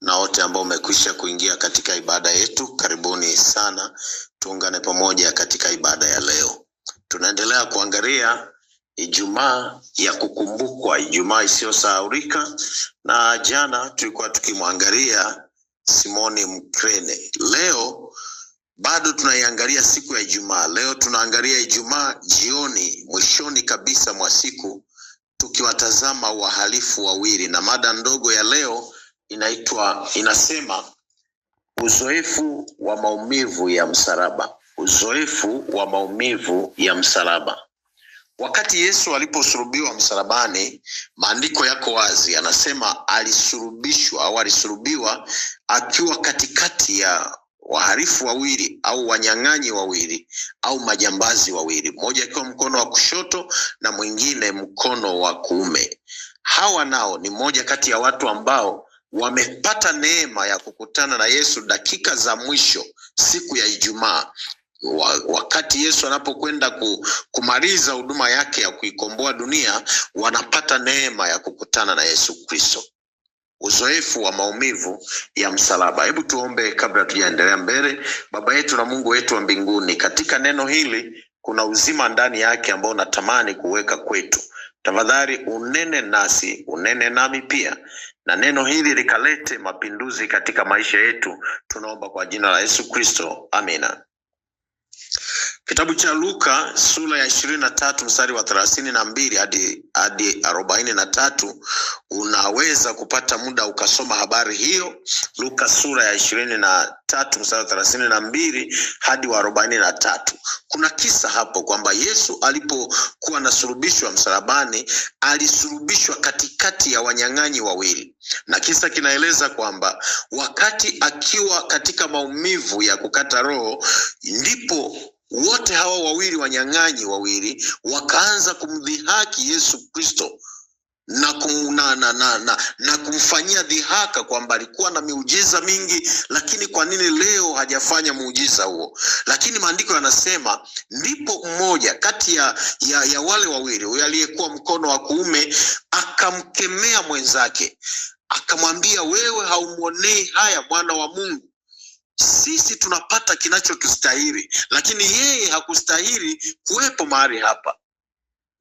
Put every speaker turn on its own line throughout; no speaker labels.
na wote ambao umekwisha kuingia katika ibada yetu, karibuni sana, tuungane pamoja katika ibada ya leo. Tunaendelea kuangalia Ijumaa ya kukumbukwa, Ijumaa isiyosahaulika, na jana tulikuwa tukimwangalia Simoni Mkrene. Leo bado tunaiangalia siku ya Ijumaa. Leo tunaangalia Ijumaa jioni, mwishoni kabisa mwa siku, tukiwatazama wahalifu wawili, na mada ndogo ya leo inaitwa inasema uzoefu wa maumivu ya msalaba uzoefu wa maumivu ya msalaba wakati yesu aliposulubiwa msalabani maandiko yako wazi anasema alisulubishwa au alisurubiwa akiwa katikati ya waharifu wawili au wanyang'anyi wawili au majambazi wawili mmoja akiwa mkono wa kushoto na mwingine mkono wa kuume hawa nao ni moja kati ya watu ambao wamepata neema ya kukutana na Yesu dakika za mwisho siku ya Ijumaa wakati Yesu anapokwenda kumaliza huduma yake ya kuikomboa dunia, wanapata neema ya kukutana na Yesu Kristo, uzoefu wa maumivu ya msalaba. Hebu tuombe kabla tujaendelea mbele. Baba yetu na Mungu wetu wa mbinguni, katika neno hili kuna uzima ndani yake ambao natamani kuweka kwetu Tafadhali unene nasi, unene nami pia, na neno hili likalete mapinduzi katika maisha yetu. Tunaomba kwa jina la Yesu Kristo, amina. Kitabu cha Luka sura ya ishirini na tatu mstari wa thelathini na mbili hadi hadi arobaini na tatu unaweza kupata muda ukasoma habari hiyo. Luka sura ya ishirini na tatu mstari wa thelathini na mbili hadi wa arobaini na tatu kuna kisa hapo kwamba Yesu alipokuwa anasulubishwa msalabani alisulubishwa katikati ya wanyang'anyi wawili, na kisa kinaeleza kwamba wakati akiwa katika maumivu ya kukata roho ndipo wote hawa wawili wanyang'anyi wawili wakaanza kumdhihaki Yesu Kristo na, kum, na, na, na, na, na kumfanyia dhihaka kwamba alikuwa na miujiza mingi, lakini kwa nini leo hajafanya muujiza huo? Lakini maandiko yanasema ndipo mmoja kati ya, ya, ya wale wawili, huyo aliyekuwa mkono wa kuume akamkemea mwenzake akamwambia, wewe haumwonei haya mwana wa Mungu sisi tunapata kinachotustahili, lakini yeye hakustahili kuwepo mahali hapa.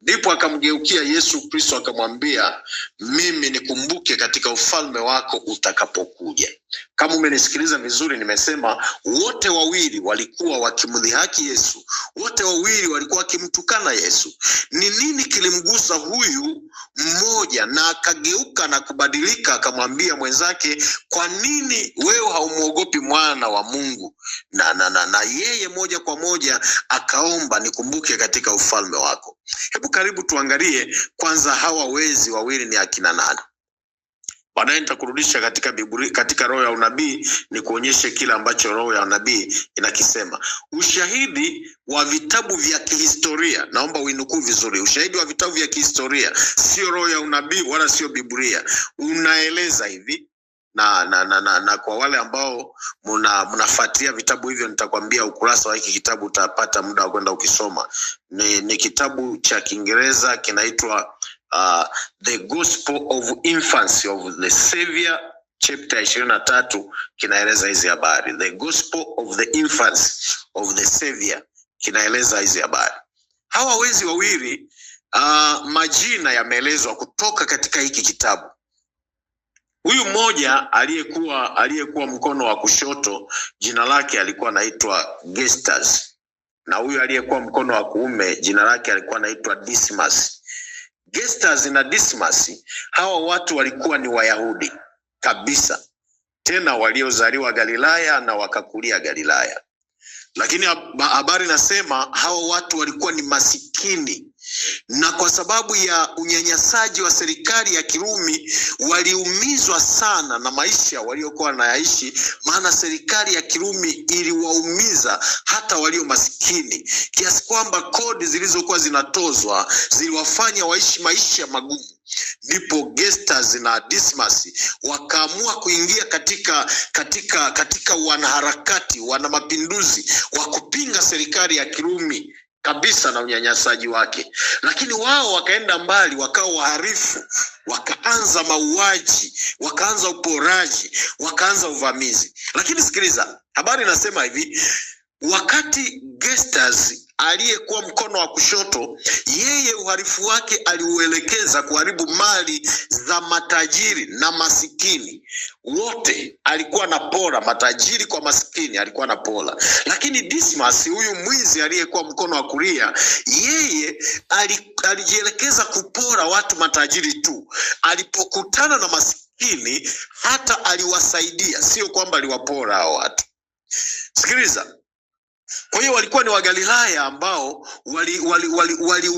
Ndipo akamgeukia Yesu Kristo akamwambia, mimi nikumbuke katika ufalme wako utakapokuja. Kama umenisikiliza vizuri, nimesema wote wawili walikuwa wakimdhihaki Yesu, wote wawili walikuwa wakimtukana Yesu. Ni nini kilimgusa huyu mmoja na akageuka na kubadilika, akamwambia mwenzake, kwa nini wewe haumwogopi mwana wa Mungu? Na, na, na, na yeye moja kwa moja akaomba, nikumbuke katika ufalme wako. Hebu karibu tuangalie kwanza, hawa wezi wawili ni akina nani? Baadaye nitakurudisha katika biburi, katika roho ya unabii ni kuonyeshe kile ambacho roho ya unabii inakisema. Ushahidi wa vitabu vya kihistoria, naomba uinukuu vizuri. Ushahidi wa vitabu vya kihistoria, sio roho ya unabii wala sio Biblia, unaeleza hivi na na, na, na na kwa wale ambao mnafuatilia vitabu hivyo nitakwambia ukurasa wa hiki kitabu utapata muda wa kwenda ukisoma. Ni, ni kitabu cha Kiingereza kinaitwa uh, the gospel of infancy of the savior chapter ishirini na tatu kinaeleza hizi habari the gospel of the infancy of the savior kinaeleza hizi habari hawa wezi wawili uh, majina yameelezwa kutoka katika hiki kitabu huyu mmoja aliyekuwa aliyekuwa mkono wa kushoto jina lake alikuwa anaitwa gestas na huyu aliyekuwa mkono wa kuume jina lake alikuwa anaitwa dismas Gestas na Dismas hawa watu walikuwa ni Wayahudi kabisa, tena waliozaliwa Galilaya na wakakulia Galilaya, lakini habari nasema hawa watu walikuwa ni masikini na kwa sababu ya unyanyasaji wa serikali ya Kirumi waliumizwa sana na maisha waliokuwa wanayaishi, maana serikali ya Kirumi iliwaumiza hata walio masikini, kiasi kwamba kodi zilizokuwa zinatozwa ziliwafanya waishi maisha magumu. Ndipo Gestas na Dismas wakaamua kuingia katika katika katika wanaharakati wana mapinduzi wa kupinga serikali ya Kirumi kabisa na unyanyasaji wake, lakini wao wakaenda mbali, wakawa waharifu, wakaanza mauaji, wakaanza uporaji, wakaanza uvamizi. Lakini sikiliza, habari inasema hivi, wakati Gestas aliyekuwa mkono wa kushoto, yeye uharifu wake aliuelekeza kuharibu mali za matajiri na masikini wote. Alikuwa na pora matajiri kwa masikini, alikuwa na pora. Lakini Dismas, huyu mwizi aliyekuwa mkono wa kulia, yeye alijielekeza kupora watu matajiri tu. Alipokutana na masikini, hata aliwasaidia, sio kwamba aliwapora hao watu. Sikiliza. Kwa hiyo walikuwa ni Wagalilaya ambao waliumizwa wali, wali, wali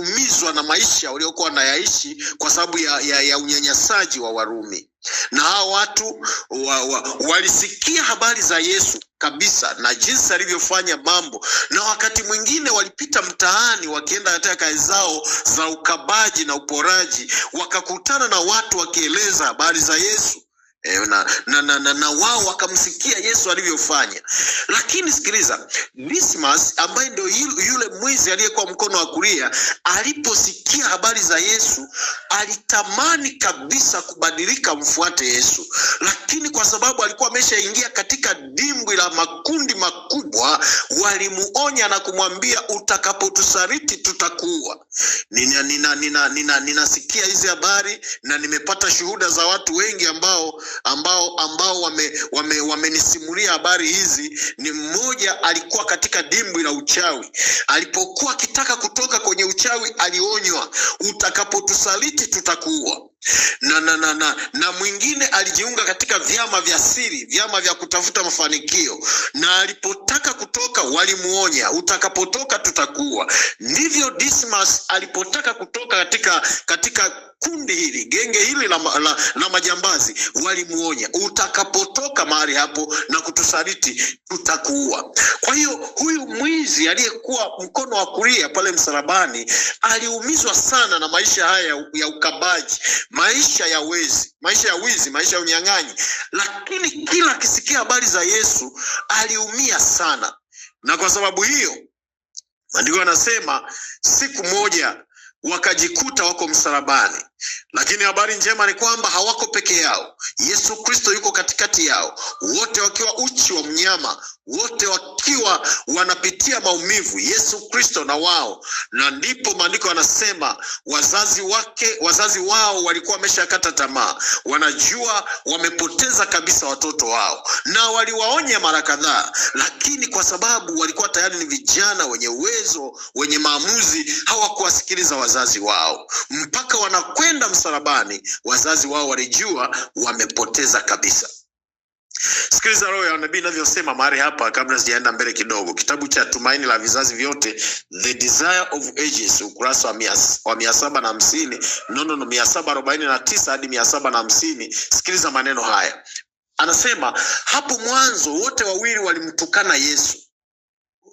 na maisha waliokuwa wanayaishi kwa sababu ya, ya, ya unyanyasaji wa Warumi, na hao watu wa, wa, walisikia habari za Yesu kabisa na jinsi alivyofanya mambo, na wakati mwingine walipita mtaani wakienda katika kazi zao za ukabaji na uporaji, wakakutana na watu wakieleza habari za Yesu E, na, na, na, na, na wao wakamsikia Yesu alivyofanya. Lakini sikiliza, Dismas ambaye ndio yule mwizi aliyekuwa mkono wa kulia, aliposikia habari za Yesu alitamani kabisa kubadilika, mfuate Yesu, lakini kwa sababu alikuwa ameshaingia katika dimbwi la makundi makubwa, walimuonya na kumwambia utakapotusaliti tutakuua. Ninasikia nina, nina, nina, nina hizi habari na nimepata shuhuda za watu wengi ambao ambao ambao wamenisimulia wame, wame habari hizi. Ni mmoja alikuwa katika dimbwi la uchawi, alipokuwa akitaka kutoka kwenye uchawi alionywa, utakapotusaliti tutakuua na na na na na mwingine alijiunga katika vyama vya siri, vyama vya kutafuta mafanikio, na alipotaka kutoka walimuonya, utakapotoka tutakuwa. Ndivyo Dismas alipotaka kutoka katika katika kundi hili genge hili la, la, la majambazi walimuonya, utakapotoka mahali hapo na kutusaliti tutakuua. Kwa hiyo huyu mwizi aliyekuwa mkono wa kulia pale msalabani aliumizwa sana na maisha haya ya ukabaji, maisha ya wezi, maisha ya wizi, maisha ya unyang'anyi, lakini kila akisikia habari za Yesu aliumia sana, na kwa sababu hiyo maandiko yanasema siku moja wakajikuta wako msalabani. Lakini habari njema ni kwamba hawako peke yao. Yesu Kristo yuko katikati yao, wote wakiwa uchi wa mnyama, wote wakiwa wanapitia maumivu, Yesu Kristo na wao. Na ndipo maandiko yanasema wazazi wake, wazazi wao walikuwa wameshakata tamaa, wanajua wamepoteza kabisa watoto wao, na waliwaonya mara kadhaa, lakini kwa sababu walikuwa tayari ni vijana wenye uwezo, wenye maamuzi, hawakuwasikiliza wazazi wazazi wao. Mpaka wanakwenda msalabani, wazazi wao walijua wamepoteza kabisa. Sikiliza roho ya nabii inavyosema mahali hapa, kabla sijaenda mbele kidogo. Kitabu cha Tumaini la Vizazi Vyote, The Desire of Ages, ukurasa wa mia saba na hamsini no, mia saba arobaini na tisa hadi mia saba na hamsini Sikiliza maneno haya, anasema hapo mwanzo wote wawili walimtukana Yesu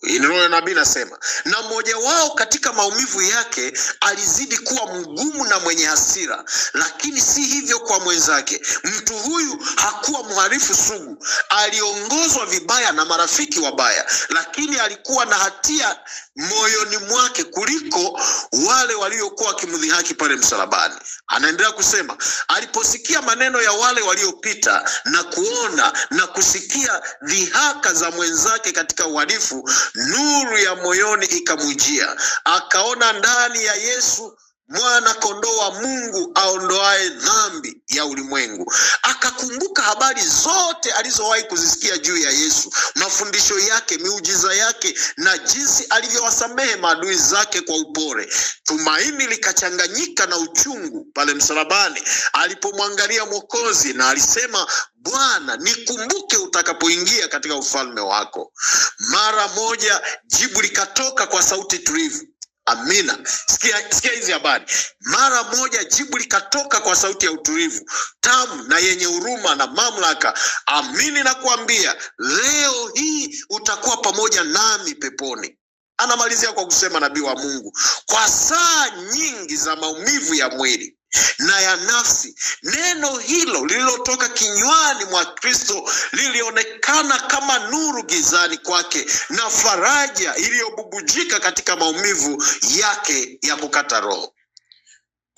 hilo nabii nasema, na mmoja wao katika maumivu yake alizidi kuwa mgumu na mwenye hasira, lakini si hivyo kwa mwenzake. Mtu huyu hakuwa mhalifu sugu, aliongozwa vibaya na marafiki wabaya, lakini alikuwa na hatia moyoni mwake kuliko wale waliokuwa wakimdhihaki pale msalabani. Anaendelea kusema, aliposikia maneno ya wale waliopita na kuona na kusikia dhihaka za mwenzake katika uhalifu nuru ya moyoni ikamwijia, akaona ndani ya Yesu mwana kondoo wa Mungu aondoaye dhambi ya ulimwengu. Akakumbuka habari zote alizowahi kuzisikia juu ya Yesu, mafundisho yake, miujiza yake na jinsi alivyowasamehe maadui zake kwa upole. Tumaini likachanganyika na uchungu pale msalabani alipomwangalia Mwokozi, na alisema Bwana, nikumbuke utakapoingia katika ufalme wako. Mara moja jibu likatoka kwa sauti tulivu Amina. Sikia, sikia hizi habari. Mara moja jibu likatoka kwa sauti ya utulivu tamu na yenye huruma na mamlaka, amini na kuambia leo hii utakuwa pamoja nami peponi. Anamalizia kwa kusema nabii wa Mungu, kwa saa nyingi za maumivu ya mwili na ya nafsi. Neno hilo lililotoka kinywani mwa Kristo lilionekana kama nuru gizani kwake na faraja iliyobubujika katika maumivu yake ya kukata roho.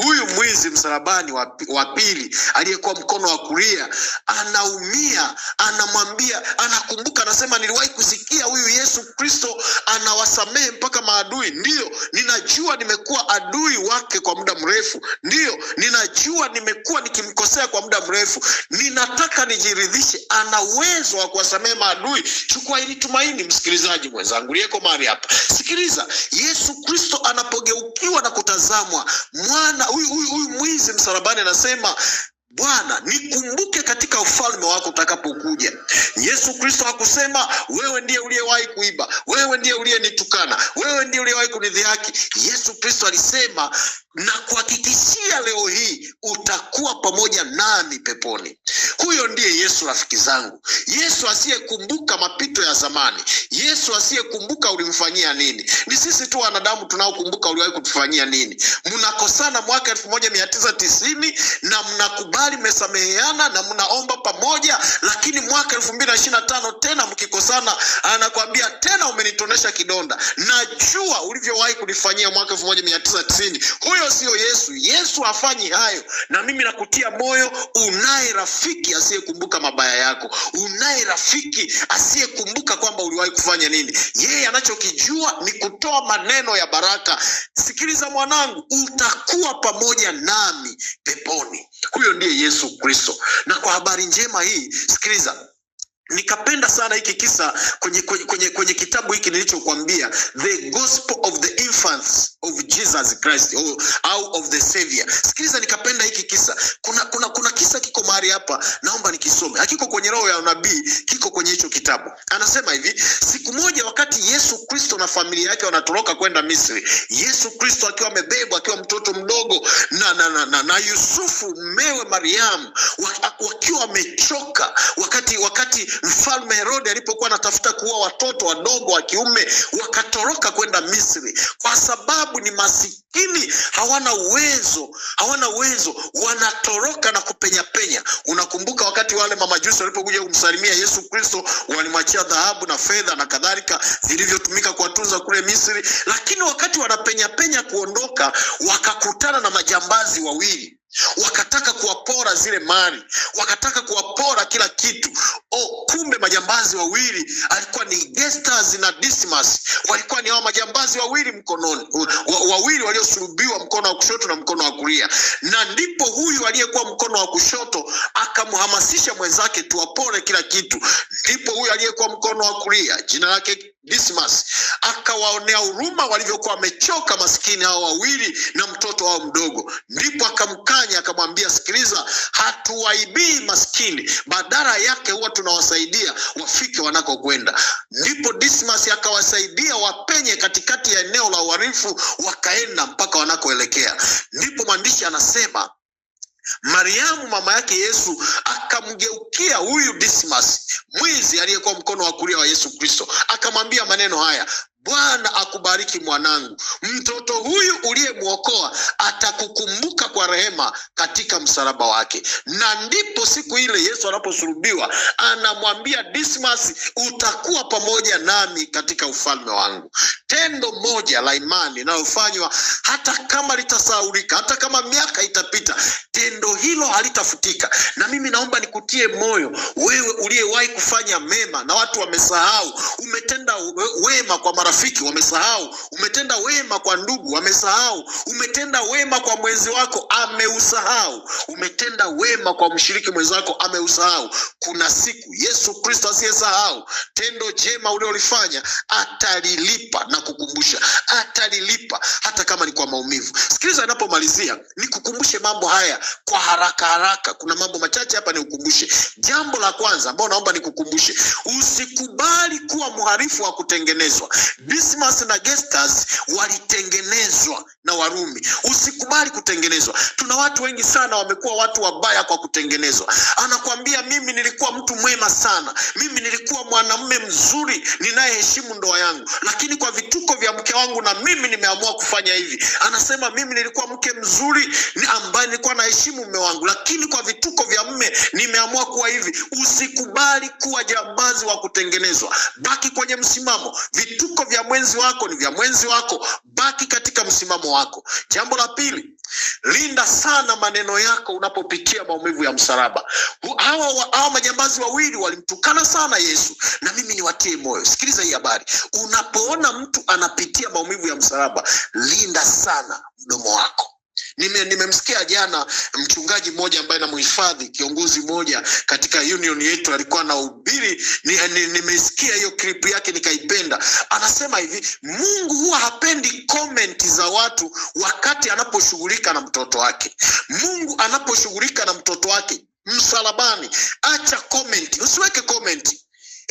Huyu mwizi msalabani wa pili aliyekuwa mkono wa kulia anaumia, anamwambia, anakumbuka, anasema niliwahi kusikia huyu Yesu Kristo anawasamehe mpaka maadui. Ndiyo, ninajua nimekuwa adui wake kwa muda mrefu. Ndiyo, ninajua nimekuwa nikimkosea kwa muda mrefu. Ninataka nijiridhishe, ana uwezo wa kuwasamehe maadui. Chukua ili tumaini, msikilizaji mwenzangu liyeko mahali hapa. Sikiliza, Yesu Kristo anapogeukiwa na kutazamwa mwana huyu mwizi msalabani anasema Bwana, nikumbuke katika ufalme wako utakapokuja. Yesu Kristo hakusema wewe ndiye uliyewahi kuiba, wewe ndiye uliyenitukana, wewe ndiye uliyewahi kunidhihaki. Yesu Kristo alisema na kuhakikishia leo hii utakuwa pamoja nami peponi. Huyo ndiye Yesu rafiki zangu, Yesu asiyekumbuka mapito ya zamani, Yesu asiyekumbuka ulimfanyia nini. Ni sisi tu wanadamu tunaokumbuka uliwahi kutufanyia nini. Mnakosana mwaka elfu moja mia tisa tisini na mnakubali mbalimbali mmesameheana na mnaomba pamoja, lakini mwaka elfu mbili na ishirini na tano tena mkikosana, anakwambia tena umenitonesha kidonda, najua ulivyowahi kunifanyia mwaka elfu moja mia tisa tisini. Huyo sio Yesu. Yesu hafanyi hayo, na mimi nakutia moyo, unaye rafiki asiyekumbuka mabaya yako, unaye rafiki asiyekumbuka kwamba uliwahi kufanya nini. Yeye anachokijua ni kutoa maneno ya baraka. Sikiliza mwanangu, utakuwa pamoja nami peponi. Huyo ndiye Yesu Kristo. Na kwa habari njema hii, sikiliza, Nikapenda sana hiki kisa kwenye, kwenye, kwenye, kwenye kitabu hiki nilichokuambia The Gospel of the Infants of Jesus Christ au of the Savior. Sikiliza, nikapenda hiki kisa. Kuna, kuna, kuna kisa kiko mahali hapa, naomba nikisome. Hakiko kwenye Roho ya Unabii, kiko kwenye hicho kitabu. Anasema hivi, siku moja wakati Yesu Kristo na familia yake wanatoroka kwenda Misri, Yesu Kristo akiwa amebebwa akiwa mtoto mdogo na, na, na, na, na Yusufu mmewe Mariamu wakiwa wamechoka wakati wakati Mfalme Herode alipokuwa anatafuta kuua watoto wadogo wa kiume, wakatoroka kwenda Misri kwa sababu ni masikini, hawana uwezo, hawana uwezo, wanatoroka na kupenya penya. Unakumbuka wakati wale mamajusi walipokuja kumsalimia Yesu Kristo, walimwachia dhahabu na fedha na kadhalika zilivyotumika kuwatunza kule Misri, lakini wakati wanapenya penya kuondoka, wakakutana na majambazi wawili wakataka kuwapora zile mali, wakataka kuwapora kila kitu. O, kumbe majambazi wawili alikuwa ni Gestas na Dismas, walikuwa ni hao majambazi wawili mkononi, wawili waliosulubiwa mkono wa kushoto na mkono wa kulia, na ndipo huyu aliyekuwa mkono wa kushoto akamhamasisha mwenzake tuwapore kila kitu, ndipo huyu aliyekuwa mkono wa kulia jina lake Dismas akawaonea huruma walivyokuwa wamechoka maskini hao wawili na mtoto wao mdogo. Ndipo akamkanya akamwambia, sikiliza, hatuwaibii maskini, badala yake huwa tunawasaidia wafike wanakokwenda. Ndipo Dismas akawasaidia wapenye katikati ya eneo la uharifu, wakaenda mpaka wanakoelekea. Ndipo mwandishi anasema Mariamu mama yake Yesu akamgeukia huyu Dismas, mwizi aliyekuwa mkono wa kulia wa Yesu Kristo, akamwambia maneno haya, Bwana akubariki mwanangu, mtoto huyu uliyemwokoa atakukumbuka kwa rehema katika msalaba wake. Na ndipo siku ile Yesu anaposulubiwa anamwambia Dismas, utakuwa pamoja nami katika ufalme wangu. Tendo moja la imani linalofanywa hata kama litasahaulika, hata kama miaka itapita, tendo hilo halitafutika. Na mimi naomba nikutie moyo wewe uliyewahi kufanya mema na watu wamesahau, umetenda wema kwa mara marafiki wamesahau umetenda wema kwa ndugu, wamesahau umetenda wema kwa mwenzi wako, ameusahau umetenda wema kwa mshiriki mwenzi wako, ameusahau. Kuna siku Yesu Kristo asiyesahau tendo jema uliolifanya atalilipa na kukumbusha, atalilipa hata kama ni kwa maumivu. Sikiliza, anapomalizia nikukumbushe mambo haya kwa haraka haraka. Kuna mambo machache hapa niukumbushe Jambo la kwanza ambao naomba nikukumbushe, usikubali kuwa mharifu wa kutengenezwa. Dismas na Gestas walitengenezwa na Warumi. Usikubali kutengenezwa. Tuna watu wengi sana wamekuwa watu wabaya kwa kutengenezwa. Anakwambia mimi nilikuwa mtu mwema sana, mimi nilikuwa mwanamume mzuri ninayeheshimu ndoa yangu, lakini kwa vituko vya mke wangu na mimi nimeamua kufanya hivi. Anasema mimi nilikuwa mke mzuri ambaye nilikuwa naheshimu mume wangu, lakini kwa vituko vya mme nimeamua kuwa hivi. Usikubali kuwa jambazi wa kutengenezwa, baki kwenye msimamo. Vituko vya mwenzi wako ni vya mwenzi wako, baki katika msimamo wako. Jambo la pili, linda sana maneno yako unapopitia maumivu ya msalaba. Hawa, hawa majambazi wawili walimtukana sana Yesu, na mimi niwatie moyo, sikiliza hii habari. Unapoona mtu anapitia maumivu ya msalaba, linda sana mdomo wako. Nimemsikia jana mchungaji mmoja ambaye namhifadhi kiongozi mmoja katika union yetu alikuwa na ubiri nimesikia hiyo clip yake nikaipenda. Anasema hivi, Mungu huwa hapendi comment za watu wakati anaposhughulika na mtoto wake. Mungu anaposhughulika na mtoto wake msalabani, acha comment, usiweke comment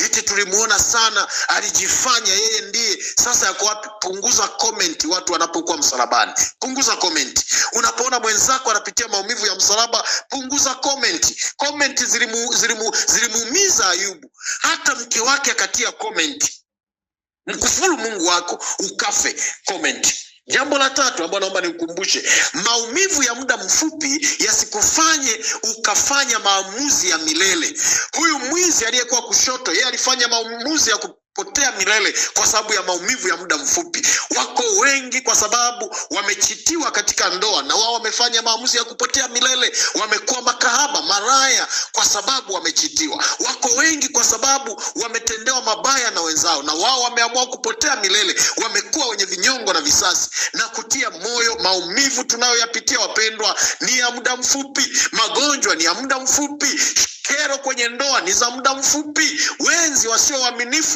eti tulimuona sana, alijifanya yeye ndiye. Sasa yako wapi? Punguza comment watu wanapokuwa msalabani, punguza comment. Unapoona mwenzako anapitia maumivu ya msalaba, punguza comment. Comment zilimu, zilimu, zilimuumiza Ayubu, hata mke wake akatia comment, mkufuru Mungu wako ukafe comment Jambo la tatu ambalo naomba nikukumbushe, maumivu ya muda mfupi yasikufanye ukafanya maamuzi ya milele. Huyu mwizi aliyekuwa kushoto, yeye alifanya maamuzi ya ku potea milele kwa sababu ya maumivu ya muda mfupi. Wako wengi kwa sababu wamechitiwa katika ndoa na wao wamefanya maamuzi ya kupotea milele. Wamekuwa makahaba, maraya kwa sababu wamechitiwa. Wako wengi kwa sababu wametendewa mabaya na wenzao na wao wameamua kupotea milele. Wamekuwa wenye vinyongo na visasi. Na kutia moyo, maumivu tunayoyapitia wapendwa, ni ya muda mfupi. Magonjwa ni ya muda mfupi. Kero kwenye ndoa ni za muda mfupi. Wenzi wasio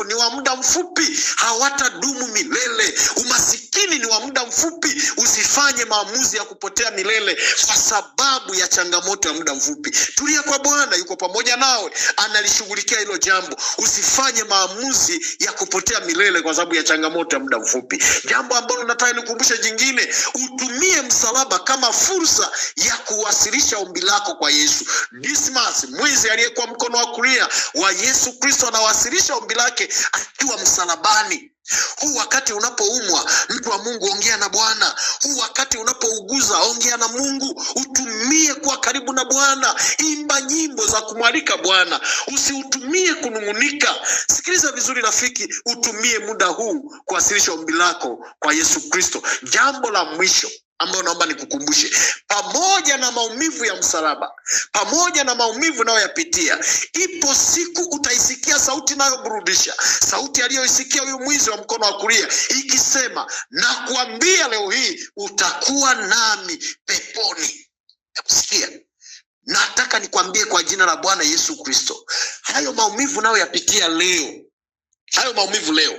ni wa muda mfupi, hawatadumu milele. Umasikini ni wa muda mfupi. Usifanye maamuzi ya kupotea milele kwa sababu ya changamoto ya muda mfupi. Tulia kwa Bwana, yuko pamoja nawe, analishughulikia hilo jambo. Usifanye maamuzi ya kupotea milele kwa sababu ya changamoto ya muda mfupi. Jambo ambalo nataka nikukumbushe jingine, utumie msalaba kama fursa ya kuwasilisha ombi lako kwa Yesu. Dismas mwezi Mwokozi aliyekuwa mkono wa kulia wa Yesu Kristo anawasilisha ombi lake akiwa msalabani. Huu wakati unapoumwa, mtu wa Mungu, ongea na Bwana. Huu wakati unapouguza, ongea na Mungu, utumie kuwa karibu na Bwana. Imba nyimbo za kumwalika Bwana, usiutumie kunung'unika. Sikiliza vizuri rafiki, utumie muda huu kuwasilisha ombi lako kwa Yesu Kristo. Jambo la mwisho ambayo naomba nikukumbushe, pamoja na maumivu ya msalaba, pamoja na maumivu unayoyapitia, ipo siku utaisikia sauti inayoburudisha, sauti aliyoisikia huyu mwizi wa mkono wa kulia ikisema, nakuambia leo hii utakuwa nami peponi. Nakusikia, nataka nikwambie kwa jina la Bwana Yesu Kristo, hayo maumivu unayoyapitia leo, hayo maumivu leo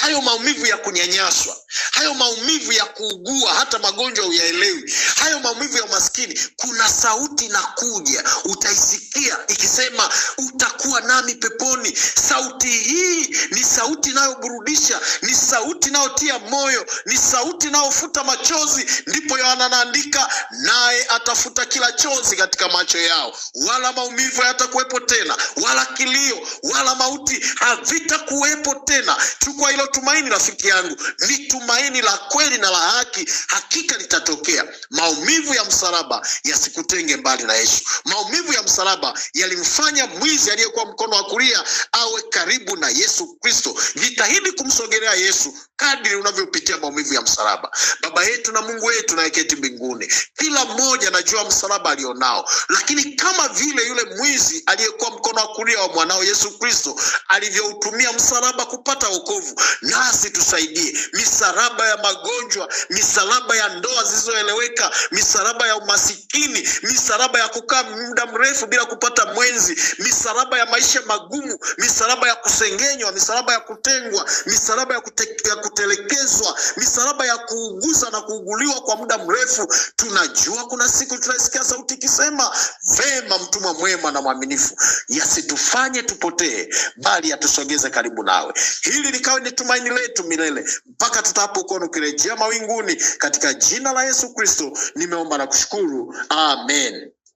hayo maumivu ya kunyanyaswa, hayo maumivu ya kuugua, hata magonjwa uyaelewi, hayo maumivu ya umaskini, kuna sauti na kuja utaisikia ikisema utakuwa nami peponi. Sauti hii ni sauti inayoburudisha, ni sauti inayotia moyo, ni sauti inayofuta machozi. Ndipo Yohana anaandika, naye atafuta kila chozi katika macho yao, wala maumivu hayatakuwepo tena, wala kilio wala mauti havitakuwepo tena. Chukua hilo tumaini rafiki yangu ni tumaini la kweli na la haki, hakika litatokea. Maumivu ya msalaba yasikutenge mbali na Yesu. Maumivu ya msalaba yalimfanya mwizi aliyekuwa mkono wa kulia awe karibu na Yesu Kristo. Jitahidi kumsogelea Yesu kadiri unavyopitia maumivu ya msalaba. Baba yetu na Mungu wetu nayeketi mbinguni, kila mmoja anajua msalaba alionao, lakini kama vile yule mwizi aliyekuwa mkono wa kulia wa mwanao Yesu Kristo alivyoutumia msalaba kupata wokovu, nasi tusaidie. Misalaba ya magonjwa, misalaba ya ndoa zisizoeleweka, misalaba ya umasikini, misalaba ya kukaa muda mrefu bila kupata mwenzi, misalaba ya maisha magumu, misalaba ya kusengenywa, misalaba ya kutengwa, misalaba ya, kute, ya kutelekezwa, misalaba ya kuuguza na kuuguliwa kwa muda mrefu. Tunajua kuna siku tunasikia sauti ikisema, vema mtumwa mwema na mwaminifu, yasitufanye tupotee, bali yatusogeze karibu nawe. Hili likawa ni tumaini letu milele mpaka tutakapokuwa ukirejea mawinguni. Katika jina la Yesu Kristo nimeomba na kushukuru, amen.